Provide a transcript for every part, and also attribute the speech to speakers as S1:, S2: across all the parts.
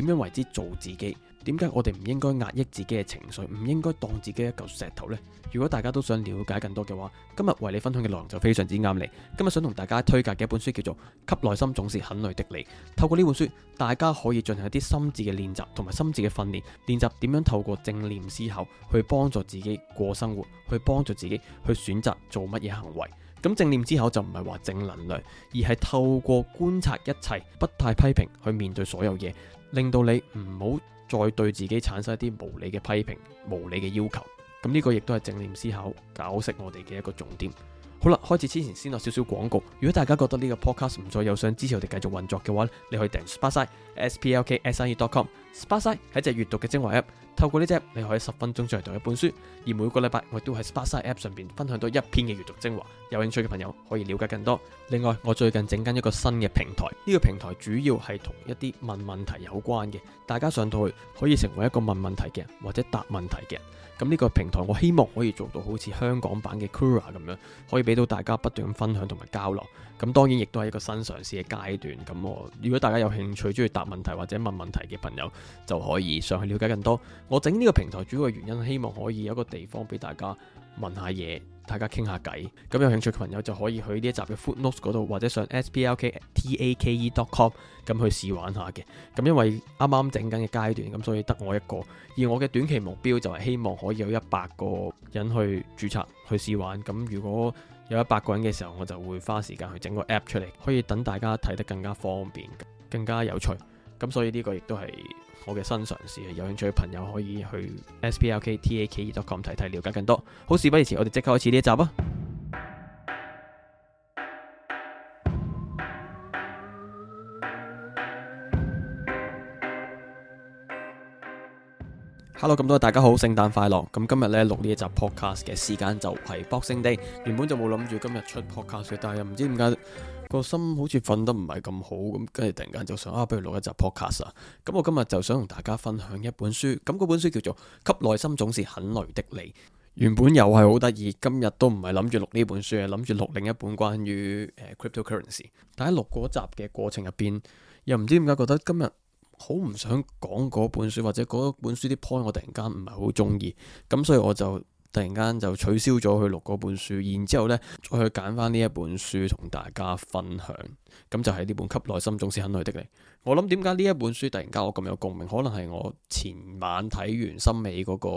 S1: 點樣為之做自己？點解我哋唔應該壓抑自己嘅情緒，唔應該當自己一嚿石頭呢？如果大家都想了解更多嘅話，今日為你分享嘅內容就非常之啱你。今日想同大家推介嘅一本書叫做《給內心總是很累的你》。透過呢本書，大家可以進行一啲心智嘅練習，同埋心智嘅訓練，練習點樣透過正念思考去幫助自己過生活，去幫助自己去選擇做乜嘢行為。咁正念思考就唔係話正能量，而係透過觀察一切，不太批評去面對所有嘢。令到你唔好再對自己產生一啲無理嘅批評、無理嘅要求，咁呢個亦都係正念思考、搞識我哋嘅一個重點。好啦，開始之前先落少少廣告。如果大家覺得呢個 podcast 唔再有想支持我哋繼續運作嘅話，你可以訂閱 Spasi S P L K S I E dot com。Spasi 係一隻閲讀嘅精華 App。透過呢隻，你可以十分鐘就嚟讀一本書。而每個禮拜我都喺 Spotify App 上邊分享到一篇嘅閱讀精華。有興趣嘅朋友可以了解更多。另外，我最近整緊一個新嘅平台，呢、這個平台主要係同一啲問問題有關嘅。大家上到去可以成為一個問問題嘅或者答問題嘅人。咁、這、呢個平台我希望可以做到好似香港版嘅 Quora 咁樣，可以俾到大家不斷分享同埋交流。咁當然亦都係一個新嘗試嘅階段。咁我如果大家有興趣中意答問題或者問問題嘅朋友，就可以上去了解更多。我整呢個平台主要嘅原因，希望可以有一個地方俾大家問下嘢，大家傾下偈。咁有興趣嘅朋友就可以去呢一集嘅 Footnotes 嗰度，或者上 SPLKTAKE.com 咁去試玩下嘅。咁因為啱啱整緊嘅階段，咁所以得我一個。而我嘅短期目標就係希望可以有一百個人去註冊去試玩。咁如果有一百個人嘅時候，我就會花時間去整個 App 出嚟，可以等大家睇得更加方便、更加有趣。咁所以呢個亦都係。我嘅新嘗試，有興趣嘅朋友可以去 s p l k t a k c o m 睇睇，了解更多。好事不宜遲，我哋即刻開始呢一集啊！Hello，咁多位大家好，聖誕快樂！咁今日呢錄呢一集 podcast 嘅時間就係 Boxing Day，原本就冇諗住今日出 podcast，但係又唔知點解。個心好似瞓得唔係咁好咁，跟住突然間就想啊，不如錄一集 podcast 啊！咁我今日就想同大家分享一本書，咁嗰本書叫做《給內心總是很累的你》。原本又係好得意，今日都唔係諗住錄呢本書，係諗住錄另一本關於、啊、cryptocurrency。但喺錄嗰集嘅過程入邊，又唔知點解覺得今日好唔想講嗰本書，或者嗰本書啲 point 我突然間唔係好中意，咁所以我就。突然間就取消咗佢錄嗰本書，然之後呢再去揀翻呢一本書同大家分享，咁就係呢本《給內心總是很累的你》。我諗，點解呢一本書突然間我咁有共鳴？可能係我前晚睇完心美嗰個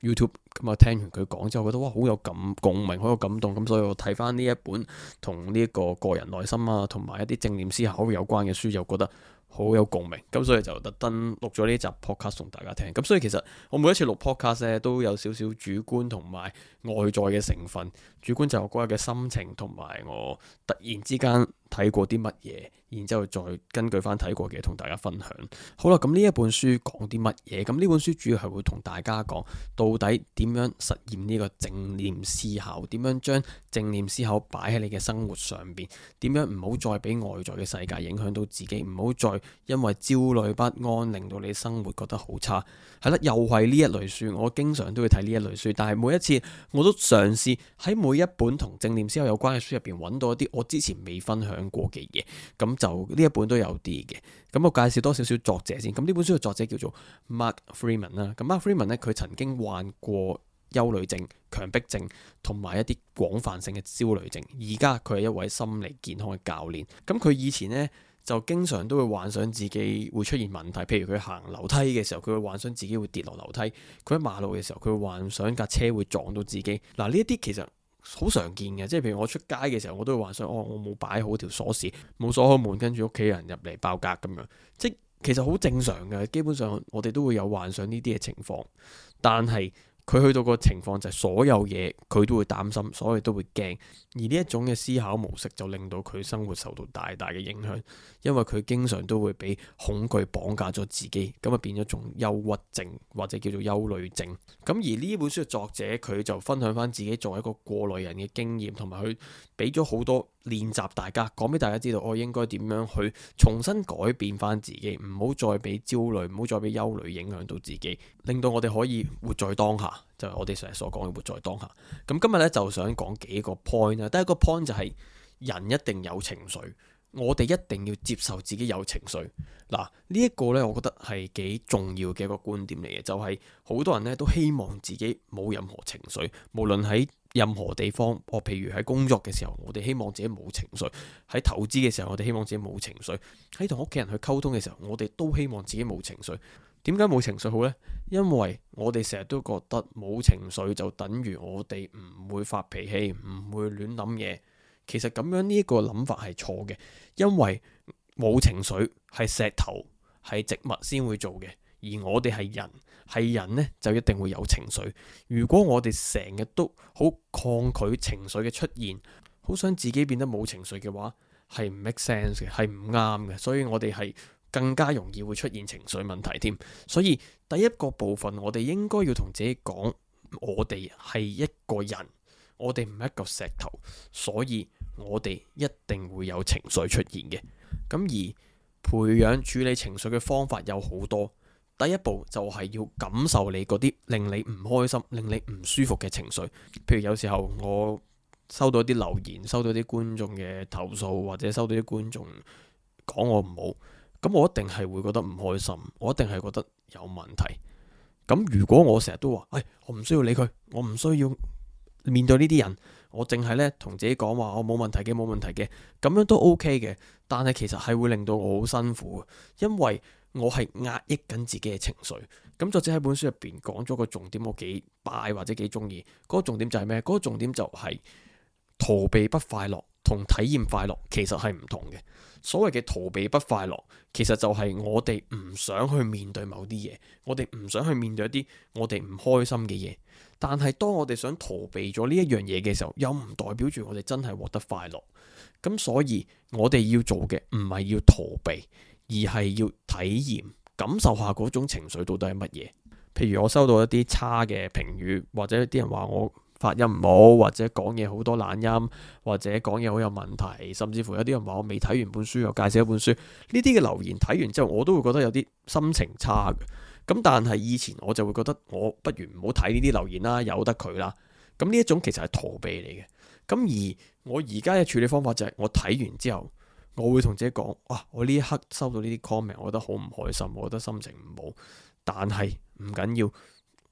S1: YouTube 咁啊，聽完佢講之後，覺得哇好有感共鳴，好有感動，咁所以我睇翻呢一本同呢一個個人內心啊，同埋一啲正念思考有關嘅書，又覺得。好，好有共鳴，咁所以就特登錄咗呢集 podcast 同大家聽。咁所以其實我每一次錄 podcast 咧都有少少主觀同埋外在嘅成分。主觀就係我嗰日嘅心情同埋我突然之間。睇過啲乜嘢，然之後再根據翻睇過嘅同大家分享。好啦，咁呢一本書講啲乜嘢？咁呢本書主要係會同大家講到底點樣實現呢個正念思考，點樣將正念思考擺喺你嘅生活上邊，點樣唔好再俾外在嘅世界影響到自己，唔好再因為焦慮不安令到你生活覺得好差。係啦，又係呢一類書，我經常都會睇呢一類書，但係每一次我都嘗試喺每一本同正念思考有關嘅書入邊揾到一啲我之前未分享。講過嘅嘢，咁就呢一本都有啲嘅。咁我介紹多少少作者先。咁呢本書嘅作者叫做 Mark Freeman 啦。咁 Mark Freeman 呢，佢曾經患過憂慮症、強迫症同埋一啲廣泛性嘅焦慮症。而家佢係一位心理健康嘅教練。咁佢以前呢，就經常都會幻想自己會出現問題，譬如佢行樓梯嘅時候，佢會幻想自己會跌落樓梯；佢喺馬路嘅時候，佢會幻想架車會撞到自己。嗱，呢一啲其實。好常見嘅，即係譬如我出街嘅時候，我都會幻想、哦、我我冇擺好條鎖匙，冇鎖好門，跟住屋企人入嚟爆格咁樣，即其實好正常嘅，基本上我哋都會有幻想呢啲嘅情況，但係，佢去到個情況就係所有嘢佢都會擔心，所有都會驚，而呢一種嘅思考模式就令到佢生活受到大大嘅影響，因為佢經常都會俾恐懼綁架咗自己，咁啊變咗種憂鬱症或者叫做憂慮症。咁而呢本書嘅作者佢就分享返自己作為一個過來人嘅經驗，同埋佢俾咗好多。練習大家講俾大家知道，我應該點樣去重新改變翻自己，唔好再俾焦慮，唔好再俾憂慮影響到自己，令到我哋可以活在當下。就係我哋成日所講嘅活在當下。咁今日咧就想講幾個 point 啊。第一個 point 就係人一定有情緒，我哋一定要接受自己有情緒。嗱，呢一個咧，我覺得係幾重要嘅一個觀點嚟嘅，就係好多人咧都希望自己冇任何情緒，無論喺。任何地方，我譬如喺工作嘅時候，我哋希望自己冇情緒；喺投資嘅時候，我哋希望自己冇情緒；喺同屋企人去溝通嘅時候，我哋都希望自己冇情緒。點解冇情緒好呢？因為我哋成日都覺得冇情緒就等於我哋唔會發脾氣，唔會亂諗嘢。其實咁樣呢個諗法係錯嘅，因為冇情緒係石頭、係植物先會做嘅。而我哋係人，係人呢就一定會有情緒。如果我哋成日都好抗拒情緒嘅出現，好想自己變得冇情緒嘅話，係唔 make sense 嘅，係唔啱嘅。所以我哋係更加容易會出現情緒問題添。所以第一個部分，我哋應該要同自己講，我哋係一個人，我哋唔係一個石頭，所以我哋一定會有情緒出現嘅。咁而培養處理情緒嘅方法有好多。第一步就係要感受你嗰啲令你唔開心、令你唔舒服嘅情緒。譬如有時候我收到啲留言、收到啲觀眾嘅投訴，或者收到啲觀眾講我唔好，咁我一定係會覺得唔開心，我一定係覺得有問題。咁如果我成日都話，唉、哎，我唔需要理佢，我唔需要面對呢啲人，我淨係呢同自己講話，我冇問題嘅，冇問題嘅，咁樣都 OK 嘅。但係其實係會令到我好辛苦，因為，我係壓抑緊自己嘅情緒，咁作者喺本書入邊講咗個重點，我幾拜或者幾中意。嗰個重點就係咩？嗰個重點就係逃避不快樂同體驗快樂其實係唔同嘅。所謂嘅逃避不快樂，其實就係我哋唔想去面對某啲嘢，我哋唔想去面對一啲我哋唔開心嘅嘢。但係當我哋想逃避咗呢一樣嘢嘅時候，又唔代表住我哋真係獲得快樂。咁所以，我哋要做嘅唔係要逃避。而係要體驗感受下嗰種情緒到底係乜嘢？譬如我收到一啲差嘅評語，或者啲人話我發音唔好，或者講嘢好多懶音，或者講嘢好有問題，甚至乎有啲人話我未睇完本書又介紹一本書。呢啲嘅留言睇完之後，我都會覺得有啲心情差嘅。咁但係以前我就會覺得我不如唔好睇呢啲留言啦，由得佢啦。咁呢一種其實係逃避嚟嘅。咁而我而家嘅處理方法就係：我睇完之後。我會同自己講，哇、啊！我呢一刻收到呢啲 comment，我覺得好唔開心，我覺得心情唔好，但係唔緊要，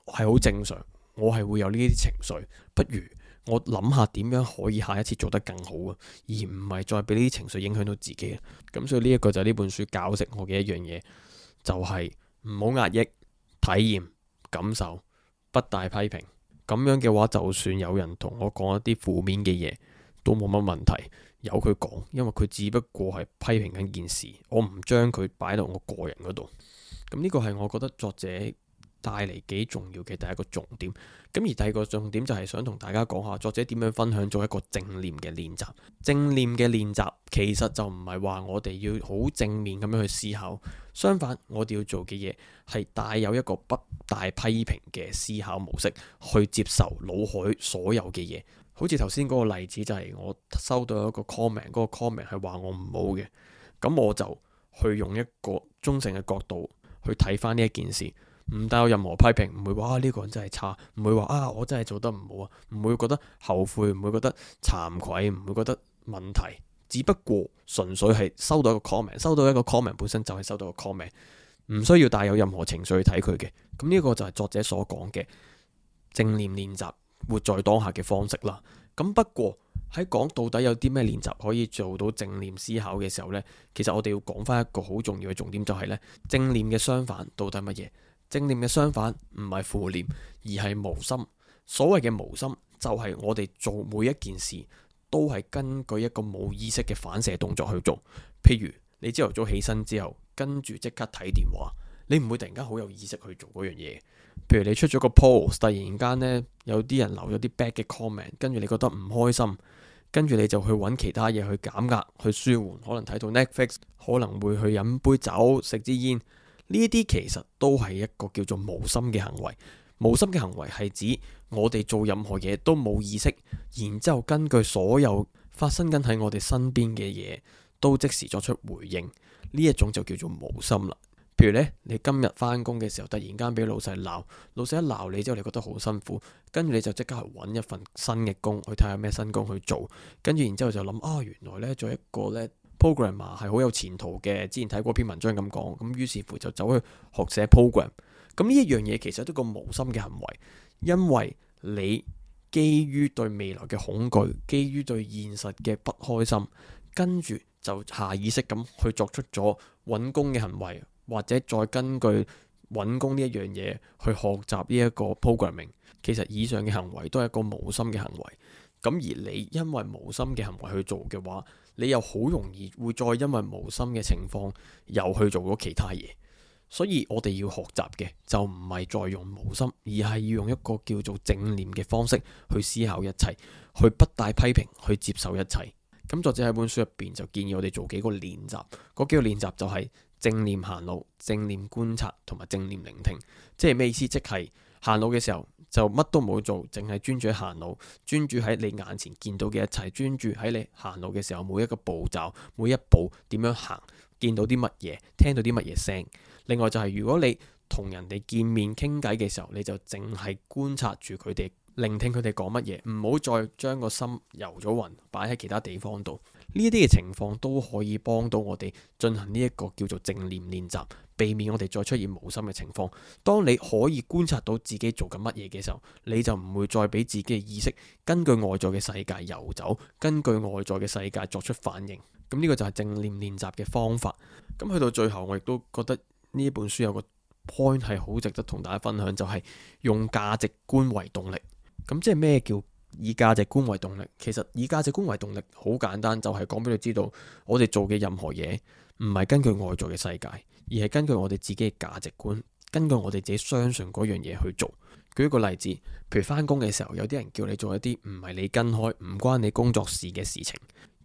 S1: 係好正常。我係會有呢啲情緒，不如我諗下點樣可以下一次做得更好啊，而唔係再俾呢啲情緒影響到自己。咁所以呢一個就係呢本書教識我嘅一樣嘢，就係唔好壓抑、體驗、感受、不帶批評。咁樣嘅話，就算有人同我講一啲負面嘅嘢，都冇乜問題。由佢講，因為佢只不過係批評緊件事，我唔將佢擺到我個人嗰度。咁、嗯、呢、這個係我覺得作者帶嚟幾重要嘅第一個重點。咁、嗯、而第二個重點就係想同大家講下作者點樣分享做一個正念嘅練習。正念嘅練習其實就唔係話我哋要好正面咁樣去思考，相反我哋要做嘅嘢係帶有一個不帶批評嘅思考模式去接受腦海所有嘅嘢。好似頭先嗰個例子，就係我收到一個 comment，嗰個 comment 係話我唔好嘅，咁我就去用一個中性嘅角度去睇返呢一件事，唔帶有任何批評，唔會話呢個人真係差，唔會話啊我真係做得唔好啊，唔會覺得後悔，唔會覺得慚愧，唔會覺得問題，只不過純粹係收到一個 comment，收到一個 comment 本身就係收到個 comment，唔需要帶有任何情緒去睇佢嘅，咁呢個就係作者所講嘅正念練習。活在當下嘅方式啦，咁不過喺講到底有啲咩練習可以做到正念思考嘅時候呢，其實我哋要講翻一個好重要嘅重點就係呢：正念嘅相反到底乜嘢？正念嘅相反唔係負念，而係無心。所謂嘅無心，就係我哋做每一件事都係根據一個冇意識嘅反射動作去做。譬如你朝頭早起身之後，跟住即刻睇電話。你唔會突然間好有意識去做嗰樣嘢，譬如你出咗個 post，突然間呢，有啲人留咗啲 bad 嘅 comment，跟住你覺得唔開心，跟住你就去揾其他嘢去減壓、去舒緩，可能睇到 Netflix，可能會去飲杯酒、食支煙，呢啲其實都係一個叫做無心嘅行為。無心嘅行為係指我哋做任何嘢都冇意識，然之後根據所有發生緊喺我哋身邊嘅嘢，都即時作出回應，呢一種就叫做無心啦。譬如咧，你今日翻工嘅時候，突然間俾老細鬧，老細一鬧你之後，你覺得好辛苦，跟住你就即刻去揾一份新嘅工去睇下咩新工去做，跟住然之後就諗啊、哦，原來呢做一個咧 programmer 係好有前途嘅，之前睇過篇文章咁講，咁於是乎就走去學寫 program，咁呢一樣嘢其實都個無心嘅行為，因為你基於對未來嘅恐懼，基於對現實嘅不開心，跟住就下意識咁去作出咗揾工嘅行為。或者再根據揾工呢一樣嘢去學習呢一個 programming，其實以上嘅行為都係一個無心嘅行為。咁而你因為無心嘅行為去做嘅話，你又好容易會再因為無心嘅情況又去做咗其他嘢。所以我哋要學習嘅就唔係再用無心，而係要用一個叫做正念嘅方式去思考一切，去不帶批評去接受一切。咁作者喺本書入邊就建議我哋做幾個練習，嗰幾個練習就係、是。正念行路、正念觀察同埋正念聆聽，即係咩意思？即係行路嘅時候就乜都冇做，淨係專注喺行路，專注喺你眼前見到嘅一切，專注喺你行路嘅時候每一個步驟，每一步點樣行，見到啲乜嘢，聽到啲乜嘢聲。另外就係如果你同人哋見面傾偈嘅時候，你就淨係觀察住佢哋。聆聽佢哋講乜嘢，唔好再將個心遊咗魂擺喺其他地方度。呢啲嘅情況都可以幫到我哋進行呢一個叫做正念練習，避免我哋再出現無心嘅情況。當你可以觀察到自己做緊乜嘢嘅時候，你就唔會再俾自己嘅意識根據外在嘅世界游走，根據外在嘅世界作出反應。咁、這、呢個就係正念練習嘅方法。咁去到最後，我亦都覺得呢本書有一個 point 係好值得同大家分享，就係、是、用價值觀為動力。咁即係咩叫以價值觀為動力？其實以價值觀為動力好簡單，就係講俾你知道，我哋做嘅任何嘢唔係根據外在嘅世界，而係根據我哋自己嘅價值觀，根據我哋自己相信嗰樣嘢去做。舉一個例子，譬如翻工嘅時候，有啲人叫你做一啲唔係你跟開、唔關你工作事嘅事情，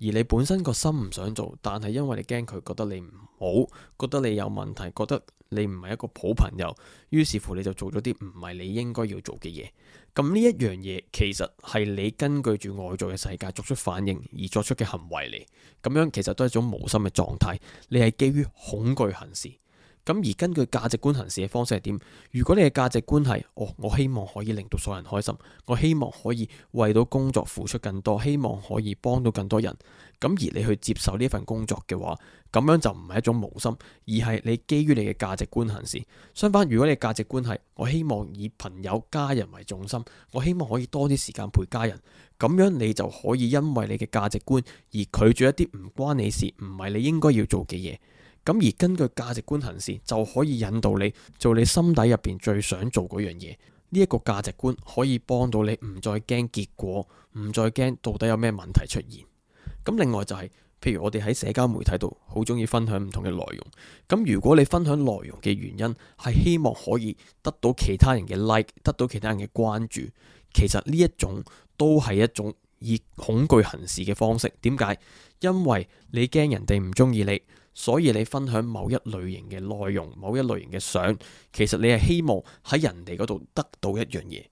S1: 而你本身個心唔想做，但係因為你驚佢覺得你唔好，覺得你有問題，覺得你唔係一個好朋友，於是乎你就做咗啲唔係你應該要做嘅嘢。咁呢一樣嘢，其實係你根據住外在嘅世界作出反應而作出嘅行為嚟，咁樣其實都係一種無心嘅狀態，你係基於恐懼行事。咁而根據價值觀行事嘅方式係點？如果你嘅價值觀係哦，我希望可以令到所有人開心，我希望可以為到工作付出更多，希望可以幫到更多人。咁而你去接受呢份工作嘅話，咁樣就唔係一種無心，而係你基於你嘅價值觀行事。相反，如果你嘅價值觀係我希望以朋友、家人為重心，我希望可以多啲時間陪家人，咁樣你就可以因為你嘅價值觀而拒絕一啲唔關你事、唔係你應該要做嘅嘢。咁而根據價值觀行事，就可以引導你做你心底入邊最想做嗰樣嘢。呢一個價值觀可以幫到你，唔再驚結果，唔再驚到底有咩問題出現。咁另外就係，譬如我哋喺社交媒體度好中意分享唔同嘅內容。咁如果你分享內容嘅原因係希望可以得到其他人嘅 like，得到其他人嘅關注，其實呢一種都係一種以恐懼行事嘅方式。點解？因為你驚人哋唔中意你。所以你分享某一類型嘅內容、某一類型嘅相，其實你係希望喺人哋嗰度得到一樣嘢。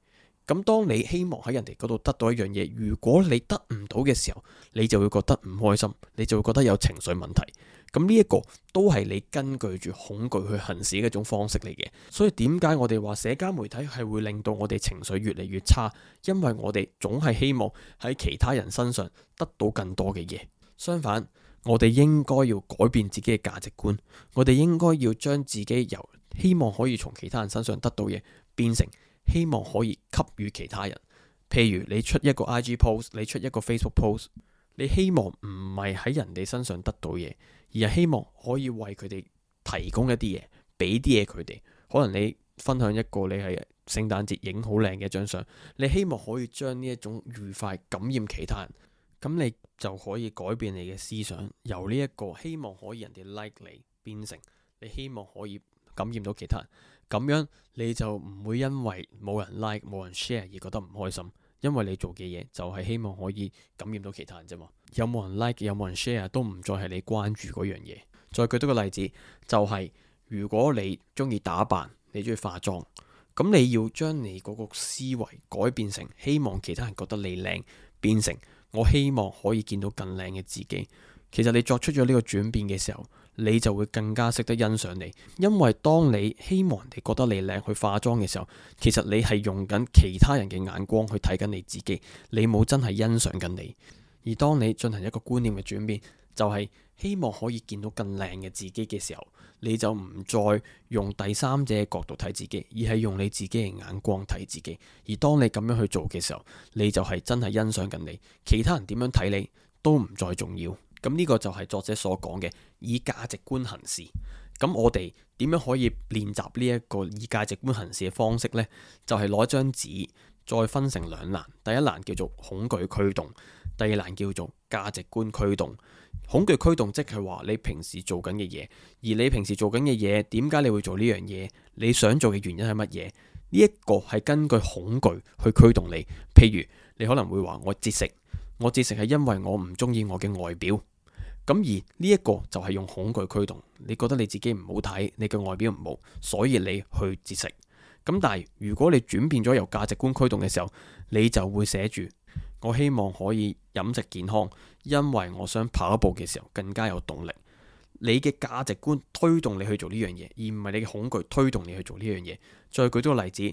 S1: 咁當你希望喺人哋嗰度得到一樣嘢，如果你得唔到嘅時候，你就會覺得唔開心，你就會覺得有情緒問題。咁呢一個都係你根據住恐懼去行使嘅一種方式嚟嘅。所以點解我哋話社交媒體係會令到我哋情緒越嚟越差？因為我哋總係希望喺其他人身上得到更多嘅嘢。相反。我哋應該要改變自己嘅價值觀，我哋應該要將自己由希望可以從其他人身上得到嘢，變成希望可以給予其他人。譬如你出一個 IG post，你出一個 Facebook post，你希望唔係喺人哋身上得到嘢，而係希望可以為佢哋提供一啲嘢，俾啲嘢佢哋。可能你分享一個你喺聖誕節影好靚嘅一張相，你希望可以將呢一種愉快感染其他人。咁你就可以改變你嘅思想，由呢一個希望可以人哋 like 你，變成你希望可以感染到其他人。咁樣你就唔會因為冇人 like 冇人 share 而覺得唔開心，因為你做嘅嘢就係希望可以感染到其他人啫嘛。有冇人 like 有冇人 share 都唔再係你關注嗰樣嘢。再舉多個例子，就係如果你中意打扮，你中意化妝，咁你要將你嗰個思維改變成希望其他人覺得你靚，變成。我希望可以見到更靚嘅自己。其實你作出咗呢個轉變嘅時候，你就會更加識得欣賞你。因為當你希望人哋覺得你靚去化妝嘅時候，其實你係用緊其他人嘅眼光去睇緊你自己，你冇真係欣賞緊你。而當你進行一個觀念嘅轉變，就係、是。希望可以見到更靚嘅自己嘅時候，你就唔再用第三者角度睇自己，而係用你自己嘅眼光睇自己。而當你咁樣去做嘅時候，你就係真係欣賞緊你。其他人點樣睇你都唔再重要。咁呢個就係作者所講嘅以價值觀行事。咁我哋點樣可以練習呢一個以價值觀行事嘅方式呢？就係攞張紙再分成兩欄，第一欄叫做恐懼驅動。第二欄叫做價值觀驅動，恐懼驅動，即係話你平時做緊嘅嘢，而你平時做緊嘅嘢，點解你會做呢樣嘢？你想做嘅原因係乜嘢？呢一個係根據恐懼去驅動你。譬如你可能會話我節食，我節食係因為我唔中意我嘅外表。咁而呢一個就係用恐懼驅動，你覺得你自己唔好睇，你嘅外表唔好，所以你去節食。咁但係如果你轉變咗由價值觀驅動嘅時候，你就會寫住。我希望可以飲食健康，因為我想跑步嘅時候更加有動力。你嘅價值觀推動你去做呢樣嘢，而唔係你嘅恐懼推動你去做呢樣嘢。再舉多個例子，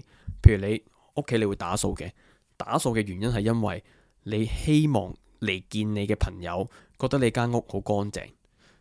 S1: 譬如你屋企你會打掃嘅，打掃嘅原因係因為你希望嚟見你嘅朋友覺得你間屋好乾淨，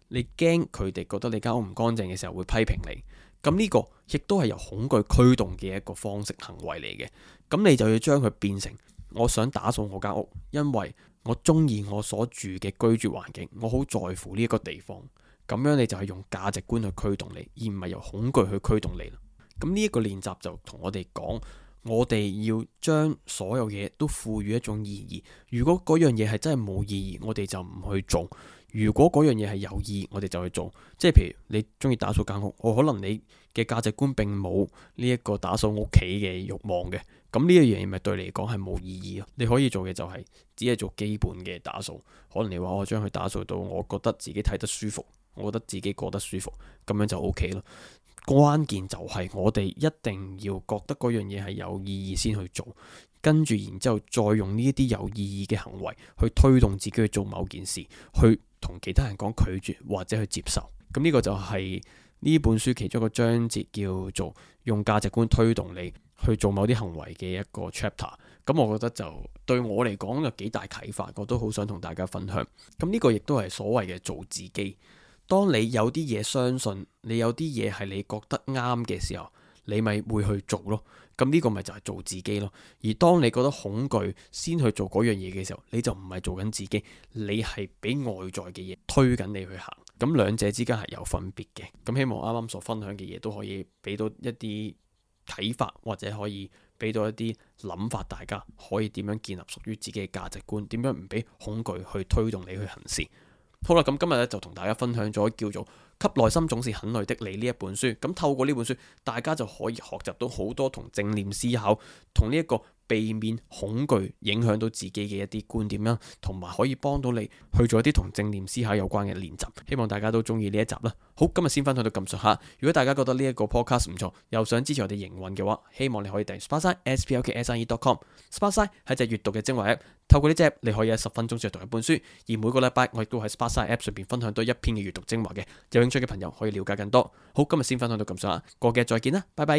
S1: 你驚佢哋覺得你間屋唔乾淨嘅時候會批評你。咁呢個亦都係由恐懼驅動嘅一個方式行為嚟嘅，咁你就要將佢變成。我想打掃我間屋，因為我中意我所住嘅居住環境，我好在乎呢一個地方。咁樣你就係用價值觀去驅動你，而唔係由恐懼去驅動你啦。咁呢一個練習就同我哋講，我哋要將所有嘢都賦予一種意義。如果嗰樣嘢係真係冇意義，我哋就唔去做。如果嗰樣嘢係有意，我哋就去做。即係譬如你中意打掃間屋，我、哦、可能你嘅價值觀並冇呢一個打掃屋企嘅慾望嘅，咁呢樣嘢咪對你嚟講係冇意義咯。你可以做嘅就係、是、只係做基本嘅打掃，可能你話我將佢打掃到我覺得自己睇得舒服，我覺得自己過得舒服，咁樣就 OK 咯。關鍵就係我哋一定要覺得嗰樣嘢係有意義先去做。跟住，然之後再用呢一啲有意義嘅行為去推動自己去做某件事，去同其他人講拒絕或者去接受。咁呢個就係呢本書其中一個章節叫做用價值觀推動你去做某啲行為嘅一個 chapter。咁我覺得就對我嚟講有幾大啟發，我都好想同大家分享。咁呢個亦都係所謂嘅做自己。當你有啲嘢相信，你有啲嘢係你覺得啱嘅時候，你咪會去做咯。咁呢個咪就係做自己咯，而當你覺得恐懼先去做嗰樣嘢嘅時候，你就唔係做緊自己，你係俾外在嘅嘢推緊你去行。咁兩者之間係有分別嘅。咁希望啱啱所分享嘅嘢都可以俾到一啲睇法，或者可以俾到一啲諗法，大家可以點樣建立屬於自己嘅價值觀？點樣唔俾恐懼去推動你去行事？好啦，咁今日呢就同大家分享咗叫做《給內心總是很累的你》呢一本書，咁透過呢本書，大家就可以學習到好多同正念思考同呢個。避免恐懼影響到自己嘅一啲觀點啦，同埋可以幫到你去做一啲同正念思考有關嘅練習。希望大家都中意呢一集啦。好，今日先分享到咁上下。如果大家覺得呢一個 podcast 唔錯，又想支持我哋營運嘅話，希望你可以訂閱 Sparksine SPLK、SRE.com、Sparksine 係隻閱讀嘅精華 app，透過呢隻 app 你可以喺十分鐘之內讀一本書。而每個禮拜我亦都喺 Sparksine app 上邊分享到一篇嘅閱讀精華嘅。有興趣嘅朋友可以了解更多。好，今日先分享到咁上下。過幾日再見啦，拜拜。